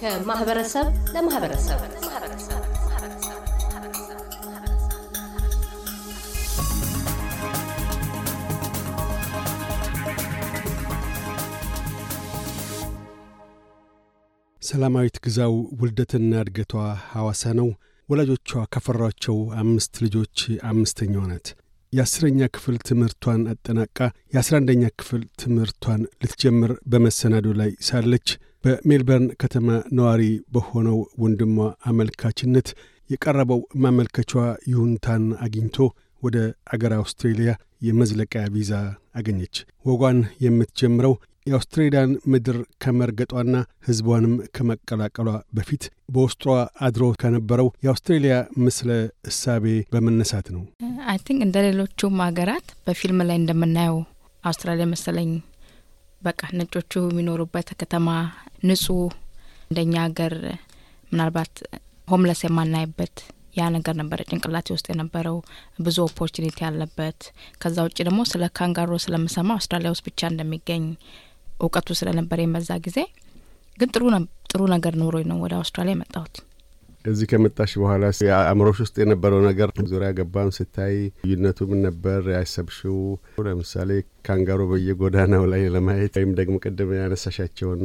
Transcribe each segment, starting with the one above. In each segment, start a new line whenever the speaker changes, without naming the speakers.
ከማህበረሰብ ለማህበረሰብ
ሰላማዊት ግዛው ውልደትና እድገቷ ሐዋሳ ነው። ወላጆቿ ካፈሯቸው አምስት ልጆች አምስተኛዋ ናት። የአስረኛ ክፍል ትምህርቷን አጠናቃ የአስራ አንደኛ ክፍል ትምህርቷን ልትጀምር በመሰናዶ ላይ ሳለች በሜልበርን ከተማ ነዋሪ በሆነው ወንድሟ አመልካችነት የቀረበው ማመልከቿ ይሁንታን አግኝቶ ወደ አገር አውስትሬልያ የመዝለቂያ ቪዛ አገኘች። ወጓን የምትጀምረው የአውስትሬልያን ምድር ከመርገጧና ሕዝቧንም ከመቀላቀሏ በፊት በውስጧ አድሮ ከነበረው የአውስትሬልያ ምስለ እሳቤ በመነሳት ነው።
አይ ቲንክ እንደ ሌሎቹም ሀገራት በፊልም ላይ እንደምናየው አውስትራሊያ መሰለኝ በቃ ነጮቹ የሚኖሩበት ከተማ ንጹህ፣ እንደኛ ሀገር ምናልባት ሆምለስ የማናይበት ያ ነገር ነበረ ጭንቅላቴ ውስጥ የነበረው ብዙ ኦፖርቹኒቲ ያለበት። ከዛ ውጭ ደግሞ ስለ ካንጋሮ ስለምሰማ አውስትራሊያ ውስጥ ብቻ እንደሚገኝ እውቀቱ ስለነበረ የመዛ ጊዜ ግን ጥሩ ጥሩ ነገር ኖሮ ነው ወደ አውስትራሊያ የመጣሁት።
እዚህ ከመጣሽ በኋላ አእምሮሽ ውስጥ የነበረው ነገር ዙሪያ ገባም ስታይ ልዩነቱ ምን ነበር ያሰብሽው? ለምሳሌ ካንጋሮ በየጎዳናው ላይ ለማየት ወይም ደግሞ ቅድም ያነሳሻቸውን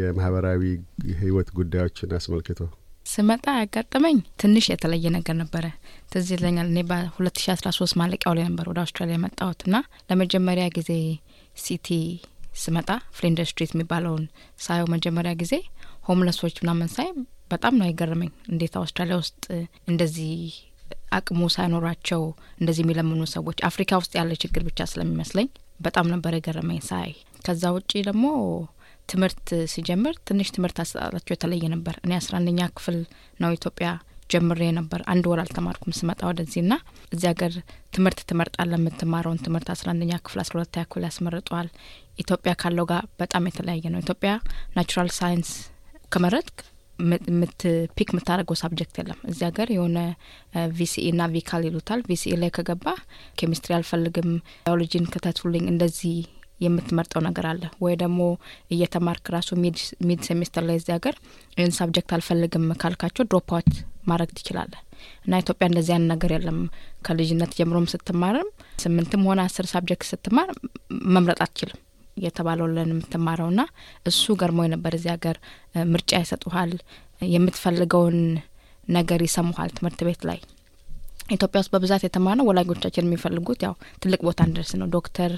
የማህበራዊ ህይወት ጉዳዮችን አስመልክቶ
ስመጣ ያጋጠመኝ ትንሽ የተለየ ነገር ነበረ። ትዝ ይለኛል እኔ በ2013 ማለቂያው ላይ ነበር ወደ አውስትራሊያ የመጣሁት እና ለመጀመሪያ ጊዜ ሲቲ ስመጣ ፍሊንደር ስትሪት የሚባለውን ሳየው መጀመሪያ ጊዜ ሆምለሶች ምናምን ሳይ በጣም ነው የገረመኝ። እንዴት አውስትራሊያ ውስጥ እንደዚህ አቅሙ ሳይኖራቸው እንደዚህ የሚለምኑ ሰዎች አፍሪካ ውስጥ ያለ ችግር ብቻ ስለሚመስለኝ በጣም ነበር የገረመኝ ሳይ። ከዛ ውጪ ደግሞ ትምህርት ሲጀምር ትንሽ ትምህርት አሰጣጣቸው የተለየ ነበር። እኔ አስራ አንደኛ ክፍል ነው ኢትዮጵያ ጀምሬ ነበር። አንድ ወር አልተማርኩም ስመጣ ወደዚህ ና እዚህ ሀገር ትምህርት ትመርጣለ የምትማረውን ትምህርት አስራ አንደኛ ክፍል አስራ ሁለተኛ ክፍል ያስመርጠዋል። ኢትዮጵያ ካለው ጋር በጣም የተለያየ ነው። ኢትዮጵያ ናቹራል ሳይንስ ከመረጥክ ምት ፒክ የምታደርገው ሳብጀክት የለም። እዚህ ሀገር የሆነ ቪሲኢ e እና ቪካል ይሉታል። ቪሲኢ e ላይ ከገባ ኬሚስትሪ አልፈልግም፣ ባዮሎጂን ክተቱልኝ እንደዚህ የምትመርጠው ነገር አለ ወይ ደግሞ እየተማርክ ራሱ ሚድ ሴሜስተር ላይ እዚህ ሀገር ይህን ሳብጀክት አልፈልግም ካልካቸው ድሮፕ ማድረግ ትችላለ እና ኢትዮጵያ እንደዚህ አይነት ነገር የለም። ከልጅነት ጀምሮም ስትማርም ስምንትም ሆነ አስር ሳብጀክት ስትማር መምረጥ አትችልም። የተባለው ለን የምትማረው ና እሱ ገርሞ የነበር እዚህ ሀገር ምርጫ ይሰጡሃል፣ የምትፈልገውን ነገር ይሰሙሃል ትምህርት ቤት ላይ። ኢትዮጵያ ውስጥ በብዛት የተማር ነው ወላጆቻችን የሚፈልጉት ያው ትልቅ ቦታ እንደርስ ነው። ዶክተር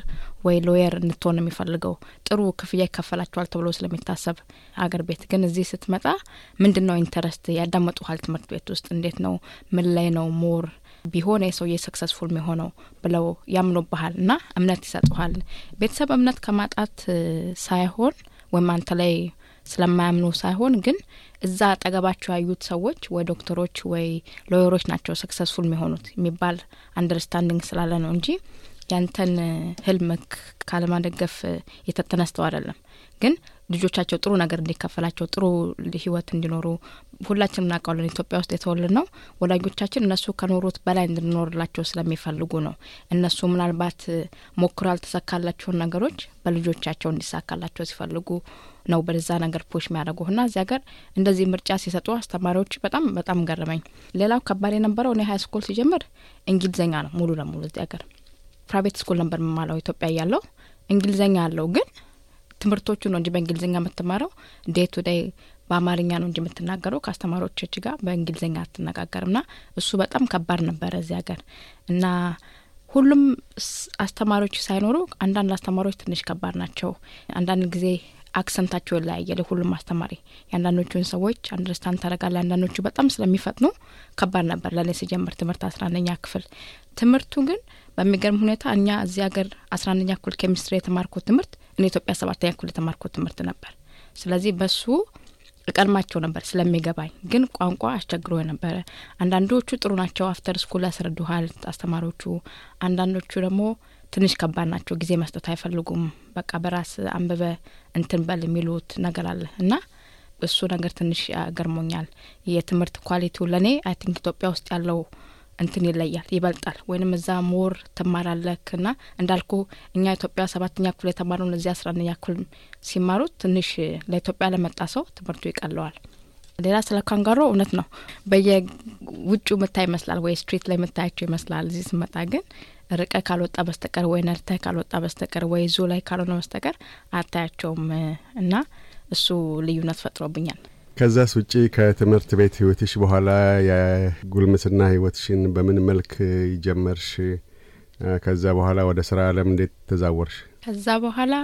ወይ ሎየር እንድትሆን የሚፈልገው ጥሩ ክፍያ ይከፈላቸዋል ተብሎ ስለሚታሰብ አገር ቤት ግን እዚህ ስትመጣ ምንድን ነው ኢንተረስት ያዳመጡሃል ትምህርት ቤት ውስጥ እንዴት ነው ምን ላይ ነው ሞር ቢሆን የሰውዬ ሰክሰስፉል የሆነው ብለው ያምኑብሃል እና እምነት ይሰጡሃል። ቤተሰብ እምነት ከማጣት ሳይሆን ወይም አንተ ላይ ስለማያምኑ ሳይሆን ግን እዛ አጠገባቸው ያዩት ሰዎች ወይ ዶክተሮች ወይ ሎየሮች ናቸው ሰክሰስፉል የሚሆኑት የሚባል አንደርስታንዲንግ ስላለ ነው እንጂ ያንተን ህልምክ ካለማደገፍ የተተነስተው አይደለም ግን ልጆቻቸው ጥሩ ነገር እንዲከፈላቸው ጥሩ ህይወት እንዲኖሩ ሁላችንም እናውቃለን። ኢትዮጵያ ውስጥ የተወለድ ነው ወላጆቻችን እነሱ ከኖሩት በላይ እንድንኖርላቸው ስለሚፈልጉ ነው። እነሱ ምናልባት ሞክሮ ያልተሳካላቸውን ነገሮች በልጆቻቸው እንዲሳካላቸው ሲፈልጉ ነው በዛ ነገር ፖሽ የሚያደርጉና እዚህ ሀገር እንደዚህ ምርጫ ሲሰጡ አስተማሪዎች በጣም በጣም ገረመኝ። ሌላው ከባድ የነበረው እኔ ሀይ ስኩል ሲጀምር እንግሊዝኛ ነው ሙሉ ለሙሉ እዚህ ሀገር ፕራይቬት ስኩል ነበር የምማለው ኢትዮጵያ እያለው እንግሊዝኛ አለው ግን ትምህርቶቹ ነው እንጂ በእንግሊዝኛ የምትማረው ዴይ ቱ ዴይ በአማርኛ ነው እንጂ የምትናገረው ከአስተማሪዎችች ጋር በእንግሊዝኛ አትነጋገርም። ና እሱ በጣም ከባድ ነበረ እዚህ ሀገር እና ሁሉም አስተማሪዎች ሳይኖሩ አንዳንድ አስተማሪዎች ትንሽ ከባድ ናቸው። አንዳንድ ጊዜ አክሰንታቸው ይለያያል። ሁሉም አስተማሪ የአንዳንዶቹን ሰዎች አንደርስታንድ ታደረጋለ አንዳንዶቹ በጣም ስለሚፈጥኑ ከባድ ነበር ለእኔ ሲጀምር ትምህርት አስራ አንደኛ ክፍል ትምህርቱ ግን በሚገርም ሁኔታ እኛ እዚህ ሀገር አስራ አንደኛ ክፍል ኬሚስትሪ የተማርኩት ትምህርት እኔ ኢትዮጵያ ሰባተኛ ክፍል የተማርኩት ትምህርት ነበር። ስለዚህ በሱ እቀድማቸው ነበር ስለሚገባኝ። ግን ቋንቋ አስቸግሮ ነበረ። አንዳንዶቹ ጥሩ ናቸው፣ አፍተር ስኩል ያስረዱሃል አስተማሪዎቹ። አንዳንዶቹ ደግሞ ትንሽ ከባድ ናቸው፣ ጊዜ መስጠት አይፈልጉም። በቃ በራስ አንብበ እንትን በል የሚሉት ነገር አለ እና እሱ ነገር ትንሽ ገርሞኛል። የትምህርት ኳሊቲው ለእኔ አይ ቲንክ ኢትዮጵያ ውስጥ ያለው እንትን ይለያል ይበልጣል ወይንም እዛ ሞር ትማራለክ ና እንዳልኩ እኛ ኢትዮጵያ ሰባተኛ ክፍል የተማሩን እዚህ አስራ አንደኛ ክፍል ሲማሩት ትንሽ ለኢትዮጵያ ለመጣ ሰው ትምህርቱ ይቀለዋል። ሌላ ስለ ካንጋሮ እውነት ነው ውጩ ምታ ይመስላል ወይ ስትሪት ላይ ምታያቸው ይመስላል። እዚህ ስመጣ ግን ርቀ ካልወጣ በስተቀር ወይ ነድተህ ካልወጣ በስተቀር ወይ ዙ ላይ ካልሆነ በስተቀር አታያቸውም እና እሱ ልዩነት ፈጥሮብኛል።
ከዛስ ውጪ ከትምህርት ቤት ህይወትሽ በኋላ የጉልምስና ህይወትሽን በምን መልክ ጀመርሽ? ከዛ በኋላ ወደ ስራ አለም እንዴት ተዛወርሽ?
ከዛ በኋላ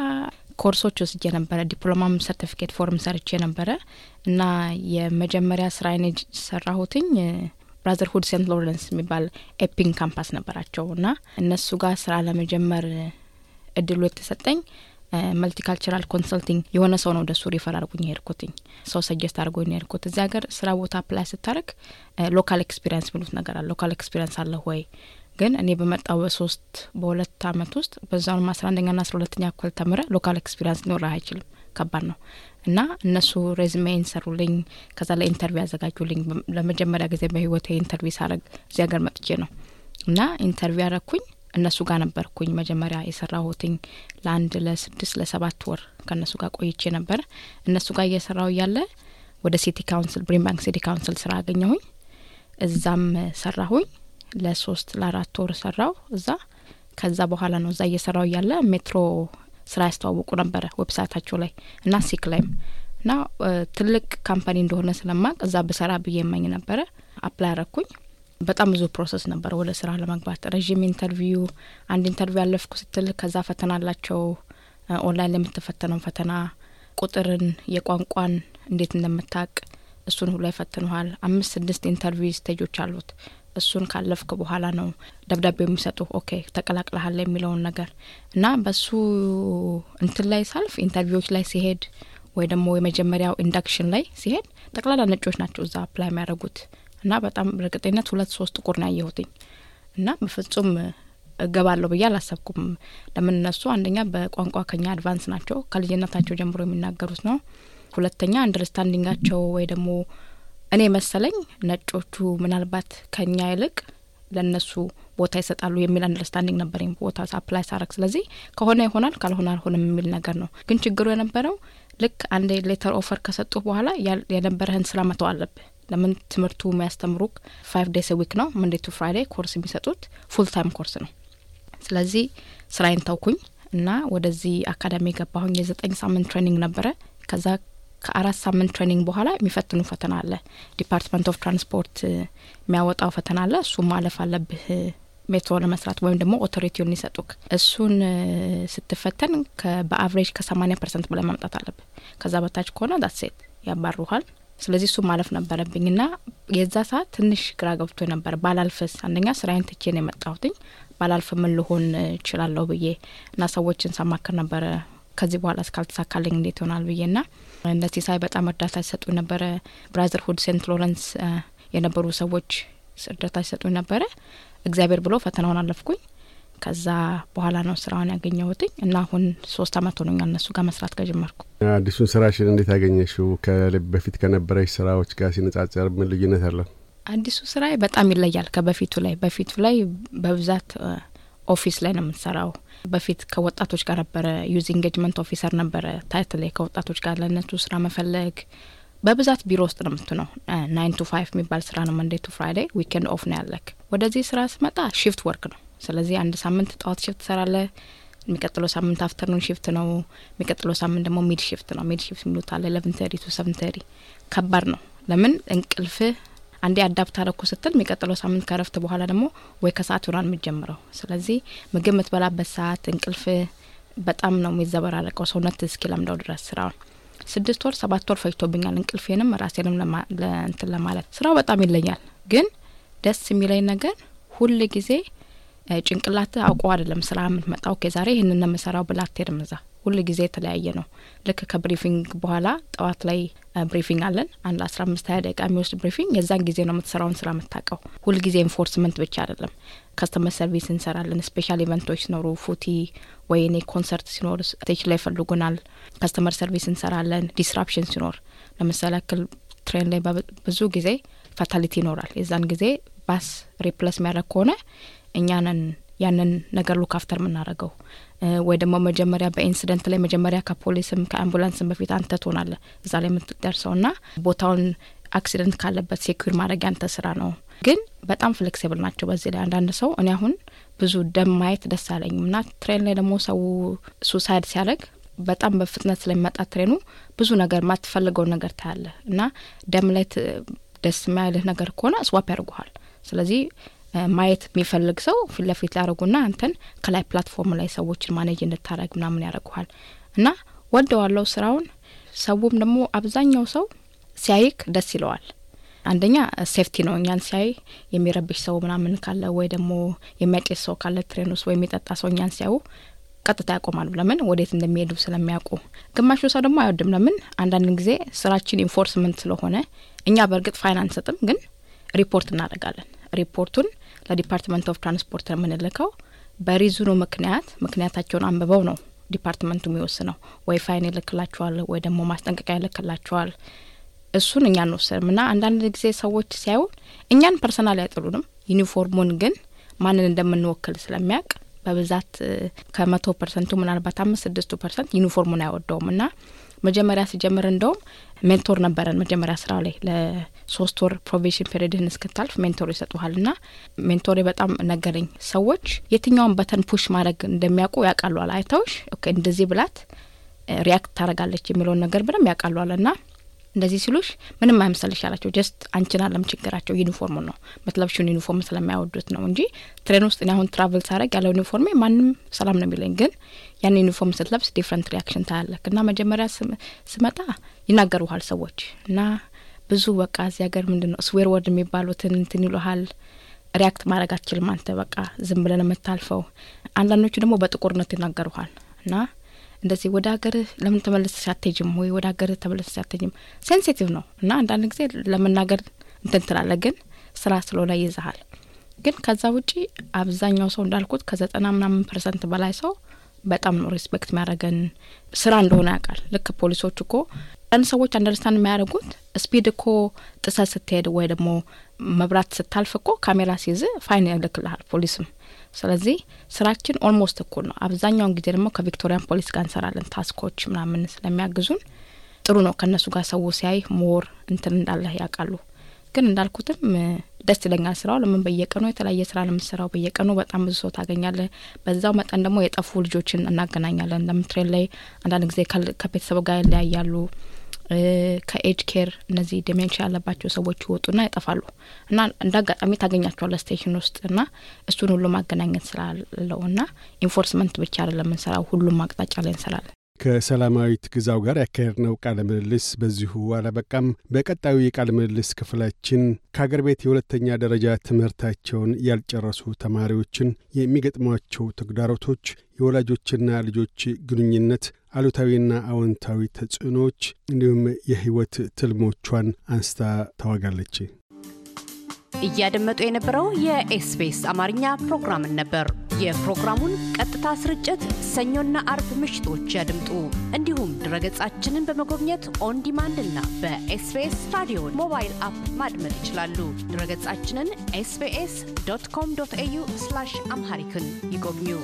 ኮርሶች ወስጄ ነበረ። ዲፕሎማም ሰርቲፊኬት ፎርም ሰርቼ ነበረ እና የመጀመሪያ ስራ አይኔጅ ሰራሁትኝ ብራዘርሁድ ሴንት ሎረንስ የሚባል ኤፒንግ ካምፓስ ነበራቸው እና እነሱ ጋር ስራ ለመጀመር እድሉ የተሰጠኝ ማልቲካልቸራል ኮንሰልቲንግ የሆነ ሰው ነው ደሱ ሪፈር አርጉኝ ሄድኩትኝ ሰው ሰጀስት አርጎኝ ሄድኩት። እዚህ ሀገር ስራ ቦታ አፕላይ ስታደርግ ሎካል ኤክስፒሪንስ ሚሉት ነገር አለ። ሎካል ኤክስፒሪንስ አለ ወይ? ግን እኔ በመጣው በሶስት በሁለት አመት ውስጥ በዛውም አስራ አንደኛ ና አስራ ሁለተኛ ክፍል ተምረ ሎካል ኤክስፒሪንስ ሊኖረህ አይችልም። ከባድ ነው እና እነሱ ሬዝሜ ሰሩልኝ። ከዛ ላይ ኢንተርቪው ያዘጋጁልኝ። ለመጀመሪያ ጊዜ በህይወት ኢንተርቪው ሳረግ እዚህ ሀገር መጥቼ ነው እና ኢንተርቪው ያረኩኝ እነሱ ጋር ነበርኩኝ መጀመሪያ የሰራሁትኝ ለአንድ ለስድስት ለሰባት ወር ከእነሱ ጋር ቆይቼ ነበረ። እነሱ ጋር እየሰራው እያለ ወደ ሲቲ ካውንስል ብሪን ባንክ ሲቲ ካውንስል ስራ አገኘሁኝ። እዛም ሰራሁኝ ለሶስት ለአራት ወር ሰራው እዛ። ከዛ በኋላ ነው እዛ እየሰራው እያለ ሜትሮ ስራ ያስተዋውቁ ነበረ ዌብሳይታቸው ላይ እና ሲክ ላይም እና ትልቅ ካምፓኒ እንደሆነ ስለማቅ እዛ ብሰራ ብዬ የማኝ ነበረ። አፕላይ አረኩኝ በጣም ብዙ ፕሮሰስ ነበር ወደ ስራ ለመግባት ረዥም ኢንተርቪው። አንድ ኢንተርቪው ያለፍኩ ስትል ከዛ ፈተና አላቸው። ኦንላይን ለምትፈተነው ፈተና ቁጥርን፣ የቋንቋን እንዴት እንደምታቅ እሱን ሁላ ይፈትንሃል። አምስት ስድስት ኢንተርቪው ስቴጆች አሉት። እሱን ካለፍክ በኋላ ነው ደብዳቤ የሚሰጡ ኦኬ ተቀላቅለሃል የሚለውን ነገር እና በሱ እንትን ላይ ሳልፍ ኢንተርቪዎች ላይ ሲሄድ ወይ ደግሞ የመጀመሪያው ኢንዳክሽን ላይ ሲሄድ ጠቅላላ ነጮች ናቸው እዛ አፕላይ የሚያደርጉት እና በጣም በእርግጠኝነት ሁለት ሶስት ጥቁር ነው ያየሁትኝ እና በፍጹም እገባለሁ ብዬ አላሰብኩም። ለምን እነሱ አንደኛ በቋንቋ ከኛ አድቫንስ ናቸው፣ ከልጅነታቸው ጀምሮ የሚናገሩት ነው። ሁለተኛ አንደርስታንዲንጋቸው ወይ ደግሞ እኔ መሰለኝ ነጮቹ ምናልባት ከኛ ይልቅ ለእነሱ ቦታ ይሰጣሉ የሚል አንደርስታንዲንግ ነበረኝ ቦታ አፕላይ ሳረግ። ስለዚህ ከሆነ ይሆናል ካልሆነ አልሆነም የሚል ነገር ነው። ግን ችግሩ የነበረው ልክ አንድ ሌተር ኦፈር ከሰጡህ በኋላ የነበረህን ስራ መተው አለብህ። ለምን ትምህርቱ የሚያስተምሩ ፋይቭ ዴይስ ዊክ ነው መንዴ ቱ ፍራይዴ ኮርስ የሚሰጡት ፉል ታይም ኮርስ ነው። ስለዚህ ስራዬን ተውኩኝ እና ወደዚህ አካዳሚ የገባሁኝ የዘጠኝ ሳምንት ትሬኒንግ ነበረ። ከዛ ከአራት ሳምንት ትሬኒንግ በኋላ የሚፈትኑ ፈተና አለ። ዲፓርትመንት ኦፍ ትራንስፖርት የሚያወጣው ፈተና አለ። እሱ ማለፍ አለብህ ሜትሮ ለመስራት ወይም ደግሞ ኦቶሪቲውን ይሰጡክ። እሱን ስትፈተን በአቭሬጅ ከሰማኒያ ፐርሰንት በላይ ማምጣት አለብህ። ከዛ በታች ከሆነ ዳሴት ያባሩሃል። ስለዚህ እሱ ማለፍ ነበረብኝ እና የዛ ሰዓት ትንሽ ግራ ገብቶ ነበር። ባላልፈስ አንደኛ ስራዬን ትቼ ነው የመጣሁትኝ። ባላልፍ ምን ልሆን እችላለሁ ብዬ እና ሰዎችን ሳማክር ነበረ ከዚህ በኋላ እስካልተሳካልኝ እንዴት ይሆናል ብዬ ና እነዚህ ሳይ በጣም እርዳታ ሲሰጡ ነበረ። ብራዘርሁድ ሴንት ሎረንስ የነበሩ ሰዎች እርዳታ ሲሰጡ ነበረ። እግዚአብሔር ብሎ ፈተናውን አለፍኩኝ። ከዛ በኋላ ነው ስራውን ያገኘሁትኝ እና አሁን ሶስት አመት ሆኖኛል እነሱ ጋር መስራት ከጀመርኩ።
አዲሱን ስራሽን እንዴት ያገኘሽው? በፊት ከነበረች ስራዎች ጋር ሲነጻጸር ምን ልዩነት አለው?
አዲሱ ስራ በጣም ይለያል ከበፊቱ ላይ። በፊቱ ላይ በብዛት ኦፊስ ላይ ነው የምንሰራው። በፊት ከወጣቶች ጋር ነበረ፣ ዩዝ ኢንጌጅመንት ኦፊሰር ነበረ ታይት ላይ ከወጣቶች ጋር ለእነሱ ስራ መፈለግ በብዛት ቢሮ ውስጥ ነው የምትነው። ናይን ቱ ፋይቭ የሚባል ስራ ነው መንዴ ቱ ፍራይዴ፣ ዊኬንድ ኦፍ ነው ያለክ። ወደዚህ ስራ ስመጣ ሺፍት ወርክ ነው ስለዚህ አንድ ሳምንት ጠዋት ሽፍት ትሰራለ የሚቀጥለው ሳምንት አፍተርኑን ሽፍት ነው። የሚቀጥለው ሳምንት ደግሞ ሚድ ሽፍት ነው። ሚድ ሽፍት የሚሉት አለ ኢለቨን ተሪ ቱ ሰቨን ተሪ ከባድ ነው። ለምን እንቅልፍ አንዴ አዳፕት አረኩ ስትል የሚቀጥለው ሳምንት ከረፍት በኋላ ደግሞ ወይ ከሰዓት ይሆናል የምትጀምረው። ስለዚህ ምግብ የምትበላበት ሰዓት እንቅልፍ በጣም ነው የሚዘበራረቀው ሰውነት እስኪ ለምደው ድረስ ስራውን ስድስት ወር ሰባት ወር ፈጅቶብኛል። እንቅልፌንም ራሴንም ለእንትን ለማለት ስራው በጣም ይለኛል። ግን ደስ የሚለኝ ነገር ሁል ጊዜ ጭንቅላት አውቀ አደለም ስራ የምትመጣው ኦኬ ዛሬ ይህንን ነው የምሰራው ብላ አትሄድም። እዛ ሁል ጊዜ የተለያየ ነው። ልክ ከብሪፊንግ በኋላ ጠዋት ላይ ብሪፊንግ አለን አንድ አስራ አምስት ሀያ ደቂቃ የሚወስድ ብሪፊንግ። የዛን ጊዜ ነው የምትሰራውን ስራ የምታውቀው። ሁል ጊዜ ኢንፎርስመንት ብቻ አይደለም። ከስተመር ሰርቪስ እንሰራለን። ስፔሻል ኢቨንቶች ሲኖሩ ፉቲ ወይኔ ኮንሰርት ሲኖር ስቴጅ ላይ ፈልጉናል ከስተመር ሰርቪስ እንሰራለን። ዲስራፕሽን ሲኖር ለምሳሌ ያክል ትሬን ላይ ብዙ ጊዜ ፋታሊቲ ይኖራል። የዛን ጊዜ ባስ ሪፕለስ የሚያደረግ ከሆነ እኛንን ያንን ነገር ሉክ አፍተር የምናደርገው ወይ ደግሞ መጀመሪያ በኢንሲደንት ላይ መጀመሪያ ከፖሊስም ከአምቡላንስም በፊት አንተ ትሆናለ እዛ ላይ የምትደርሰው ና ቦታውን አክሲደንት ካለበት ሴኩር ማድረግ ያንተ ስራ ነው። ግን በጣም ፍሌክሲብል ናቸው በዚህ ላይ አንዳንድ ሰው እኔ አሁን ብዙ ደም ማየት ደስ አለኝም ና ትሬን ላይ ደግሞ ሰው ሱሳይድ ሲያደርግ በጣም በፍጥነት ስለሚመጣ ትሬኑ ብዙ ነገር ማትፈልገው ነገር ታያለህ እና ደም ላይ ደስ የሚያልህ ነገር ከሆነ ስዋፕ ያደርጉሃል። ስለዚህ ማየት የሚፈልግ ሰው ፊት ለፊት ሊያደርጉና አንተን ከላይ ፕላትፎርም ላይ ሰዎችን ማኔጅ እንድታደረግ ምናምን ያደርገዋል እና ወደዋለው ስራውን። ሰውም ደግሞ አብዛኛው ሰው ሲያይክ ደስ ይለዋል። አንደኛ ሴፍቲ ነው። እኛን ሲያይ የሚረብሽ ሰው ምናምን ካለ ወይ ደግሞ የሚያጤስ ሰው ካለ ትሬን ውስጥ ወይ የሚጠጣ ሰው እኛን ሲያዩ ቀጥታ ያቆማሉ። ለምን ወዴት እንደሚሄዱ ስለሚያውቁ። ግማሹ ሰው ደግሞ አይወድም። ለምን አንዳንድ ጊዜ ስራችን ኢንፎርስመንት ስለሆነ እኛ በእርግጥ ፋይናንስ ሰጥም፣ ግን ሪፖርት እናደርጋለን። ሪፖርቱን ለዲፓርትመንት ኦፍ ትራንስፖርት ነው የምንልከው። በሪዝኑ ምክንያት ምክንያታቸውን አንብበው ነው ዲፓርትመንቱ የሚወስነው። ወይ ፋይን ይልክላቸዋል፣ ወይ ደግሞ ማስጠንቀቂያ ይልክላቸዋል። እሱን እኛ አንወስንም እና አንዳንድ ጊዜ ሰዎች ሲያዩን እኛን ፐርሰናል አይጥሉንም። ዩኒፎርሙን ግን ማንን እንደምንወክል ስለሚያውቅ በብዛት ከመቶ ፐርሰንቱ ምናልባት አምስት ስድስቱ ፐርሰንት ዩኒፎርሙን አይወደውም እና መጀመሪያ ሲጀምር እንደውም ሜንቶር ነበረን። መጀመሪያ ስራ ላይ ለሶስት ወር ፕሮቬሽን ፔሪድህን እስክታልፍ ሜንቶር ይሰጡሃል ና ሜንቶሬ በጣም ነገረኝ። ሰዎች የትኛውን በተን ፑሽ ማድረግ እንደሚያውቁ ያውቃሏል። አይተውሽ እንደዚህ ብላት ሪያክት ታደረጋለች የሚለውን ነገር ብለም ያውቃሏል ና እንደዚህ ሲሉሽ ምንም አይመስልሽ ያላቸው ጀስት አንቺን አለም ችግራቸው ዩኒፎርሙ ነው። ምትለብሽውን ዩኒፎርም ስለማይወዱት ነው እንጂ ትሬን ውስጥ እኔ አሁን ትራቭል ሳረግ ያለው ዩኒፎርሜ ማንም ሰላም ነው የሚለኝ፣ ግን ያን ዩኒፎርም ስትለብስ ዲፍረንት ሪያክሽን ታያለክ። እና መጀመሪያ ስመጣ ይናገሩሃል ሰዎች እና ብዙ በቃ እዚህ ሀገር ምንድን ነው ስዌር ወርድ የሚባሉትን እንትን ይሉሃል። ሪያክት ማድረግ አትችልም አንተ በቃ ዝም ብለን የምታልፈው። አንዳንዶቹ ደግሞ በጥቁርነት ይናገሩሃል እና እንደዚህ ወደ ሀገርህ ለምን ተመለስሽ አትሄጂም ወይ ወደ ሀገርህ ተመለስሽ አትሄጂም ሴንሲቲቭ ነው እና አንዳንድ ጊዜ ለመናገር እንትን ግን ስራ ስለሆነ ይዛሃል ግን ከዛ ውጪ አብዛኛው ሰው እንዳልኩት ከዘጠና ምናምን ፐርሰንት በላይ ሰው በጣም ነው ሪስፔክት የሚያደርገን ስራ እንደሆነ ያውቃል። ልክ ፖሊሶች እኮ አንድ ሰዎች አንደርስታንድ የሚያደርጉት ስፒድ እኮ ጥሰት ስትሄድ ወይ ደግሞ መብራት ስታልፍ እኮ ካሜራ ሲይዝ ፋይን ያልክልሃል ፖሊስም ስለዚህ ስራችን ኦልሞስት እኩል ነው። አብዛኛውን ጊዜ ደግሞ ከቪክቶሪያን ፖሊስ ጋር እንሰራለን። ታስኮች ምናምን ስለሚያግዙን ጥሩ ነው። ከእነሱ ጋር ሰው ሲያይ ሞር እንትን እንዳለ ያውቃሉ። ግን እንዳልኩትም ደስ ይለኛል ስራው። ለምን በየቀኑ የተለያየ ስራ ነው በየቀኑ በጣም ብዙ ሰው ታገኛለ በዛው መጠን ደግሞ የጠፉ ልጆችን እናገናኛለን። ለምን ትሬን ላይ አንዳንድ ጊዜ ከቤተሰቡ ጋር ይለያያሉ። ከኤጅ ኬር እነዚህ ዲሜንሽ ያለባቸው ሰዎች ይወጡና ይጠፋሉ እና እንደ አጋጣሚ ታገኛቸዋለ ስቴሽን ውስጥ እና እሱን ሁሉ ማገናኘት ስላለው እና ኢንፎርስመንት ብቻ አይደለም እንሰራው ሁሉም አቅጣጫ ላይ እንሰራለን።
ከሰላማዊት ግዛው ጋር ያካሄድነው ቃለ ምልልስ በዚሁ አላበቃም። በቀጣዩ የቃለ ምልልስ ክፍላችን ከአገር ቤት የሁለተኛ ደረጃ ትምህርታቸውን ያልጨረሱ ተማሪዎችን የሚገጥሟቸው ተግዳሮቶች፣ የወላጆችና ልጆች ግንኙነት አሉታዊና አዎንታዊ ተጽዕኖዎች እንዲሁም የህይወት ትልሞቿን አንስታ ታዋጋለች።
እያደመጡ የነበረው የኤስቢኤስ አማርኛ ፕሮግራምን ነበር። የፕሮግራሙን ቀጥታ ስርጭት ሰኞና አርብ ምሽቶች ያድምጡ። እንዲሁም ድረገጻችንን በመጎብኘት ኦን ዲማንድ እና በኤስቢኤስ ራዲዮ ሞባይል አፕ ማድመጥ ይችላሉ። ድረገጻችንን ኤስቢኤስ ዶት ኮም ዶት ኤዩ አምሃሪክን ይጎብኙ።